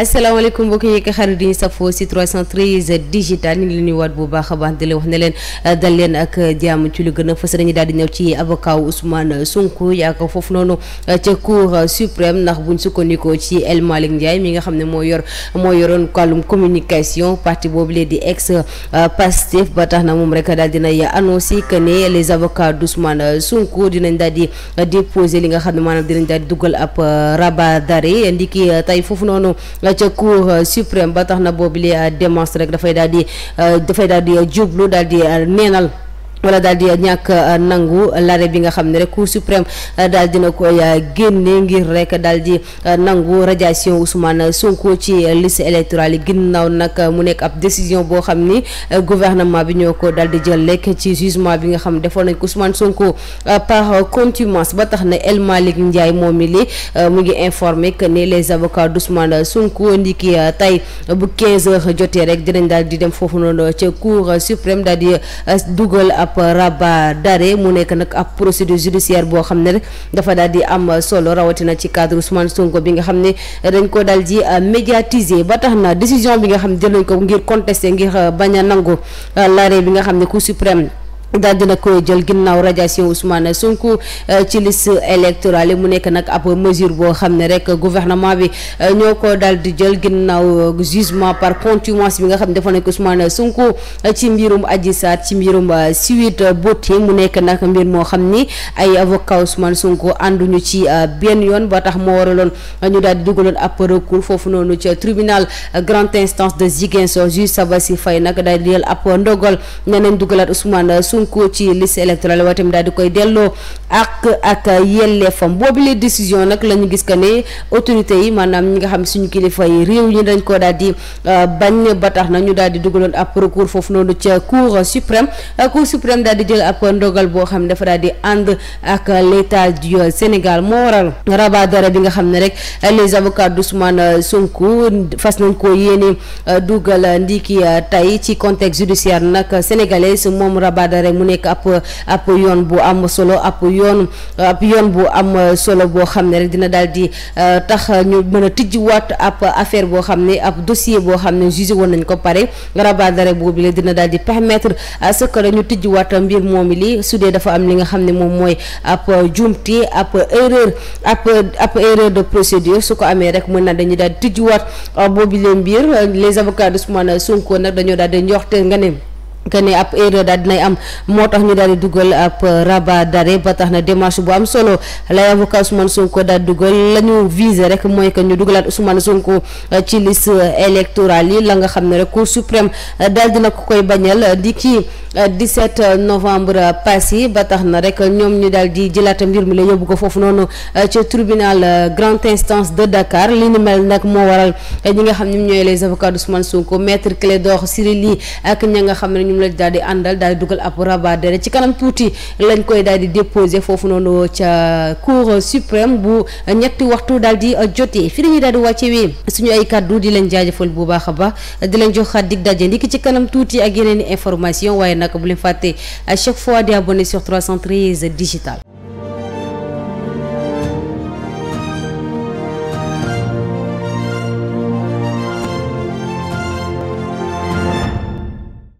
asalaamaaleykum mbokk yi nga xarit di ñu safoo si 313 digital ñu leen di nuyuwaat bu baax a baax di leen wax ne leen eh, dal leen ak jàmm ci lu gën a fës dañuy daal di ñëw ci avocat Ousmane Sonko yaa ko foofu noonu eh, ca cour suprême ndax buñ sukkandikoo ci El Malick Ndiaye mi nga xam ne moo yor moo yoroon kàllum communication parti boobu lee di ex eh, Pastef ba tax na moom rek daal dinay annoncé que ne les avocats d'Ousmane Sonko dinañ daal di déposer li nga xam ne maanaam dinañ daal di dugal ab rabat d'arrêt ndiki tey foofu noonu ca cour euh, suprême ba tax na boobu li euh, démence rek dafay daal di euh, dafay daal di jublu daal di neenal wala daal di ñàkk euh, nangu l'arrêt bi nga xam ne rek cour suprême euh, daal na koy euh, génne ngir rek daal di nangu radiation Ousmane Sonko ci liste électorale yi ginnaaw nag mu nekk ab décision boo xam ni gouvernement bi ñoo ko dal di jël lekk ci jugement bi nga xam defoon nañ ko Ousmane Sonko par contumace ba tax na El Malick Ndiaye moom mi li mu ngi informé que ni les avocats d'Ousmane Sonko ndiki tey bu 15 heures jotee rek dinañ daal di dem foofu noonu ca cour ab rabat d'arrêt mu nekk nag ab procédure judiciaire boo xam ne rek dafa daal di am solo rawatina ci cadre Ousmane Sonko bi nga xam ne dañ ko daal di euh, médiatiser ba tax na décision bi nga xam ne jël nañ ko ngir contester ngir euh, bañ a nangu euh, l'arrêt bi nga xam ne Cour suprême daal dina koy jël ginnaaw radiation Ousmane sunk euh, ci liste électorale yi mu nekk nag ab mesure boo xam ne rek gouvernement bi euh, ñoo ko daal di jël ginnaaw euh, jugement par contumace bi nga xam ne defoon nañ ko Ousmane Sonko ci mbirum Adji Sarr ci mbirum Sweet Beauté mu nekk nag mbir moo xam ni ay avocat Ousmane Sonko ànduñu ci benn yoon ba tax moo waraloon ñu daal di dugaloon ab recours foofu noonu ci tribunal grande instance de Ziguinchor juge Sabassy fay nag daal di jël ab ndogal nee dugalaat Ousmane Sonko ci liste électorale waaye tamit daal di koy delloo ak ak yelleefam boobu les décision nag la ñu gis que ne autorité yi maanaam ñi nga xam suñu kilifa di euh, bañ ba tax na ñu daal di dugaloon ab recours foofu noonu ca cour suprême euh, cour suprême daal di jël ab ndogal boo xam ne dafa daal di ànd ak l'état du Sénégal moo waral rabat d'arrêt bi nga xam euh, moom rabat rek mu nekk ab ab yoon bu am solo ab yoon ab yoon bu am solo boo xam ne dina daal di euh, tax ñu mën a tijjiwaat ab affaire boo xam ne ab dossier boo xam ne jugé woon nañ ko pare rabat d'arrêt boobu la dina daal di permettre à ce que ñu tijjiwaat mbir moomi li su dee dafa am li nga xam ne moom mooy ab jumte ab erreur ab ab erreur de procédure su ko amee rek mën na dañuy daal di tijjiwaat euh, boobu leen mbir les avocats d'Ousmane Sonko nag dañoo daal di njoxte nga ne que ne ab erreur daal dinay am moo tax ñu daal di dugal ab rabat d'arrêt ba tax na démarche bu am solo lay avocat Ousmane Sonko daal dugal la ñu visé rek mooy que ñu dugalaat Ousmane Sonko euh, ci liste euh, électorale yi la nga xam ne rek Cour suprême euh, daal dina ko koy bañal di kii 17 novembre passé ba tax na rek ñoom ñu daal di jëlaat mbir mi la yóbbu ko foofu noonu ca tribunal grande instance de Dakar li ni mel nag nga xam ne ñooy les avocats Ousmane Sonko maître Clédor ak ña nga xam ne ñoom la daal di àndal daal di dugal ab rabadere ci kanam tuuti lañ koy daal di déposé foofu noonu ca cour suprême bu ñetti waxtu daal di jotee fi dañuy daal di wàccewee suñu ay kàddu di leen jaajëfal bu baax a baax di leen joxaat dig daje ndiki ci kanam tuuti ak yeneen i information waaye nag bu leen fàtte chaque fois di abonné sur 313 digital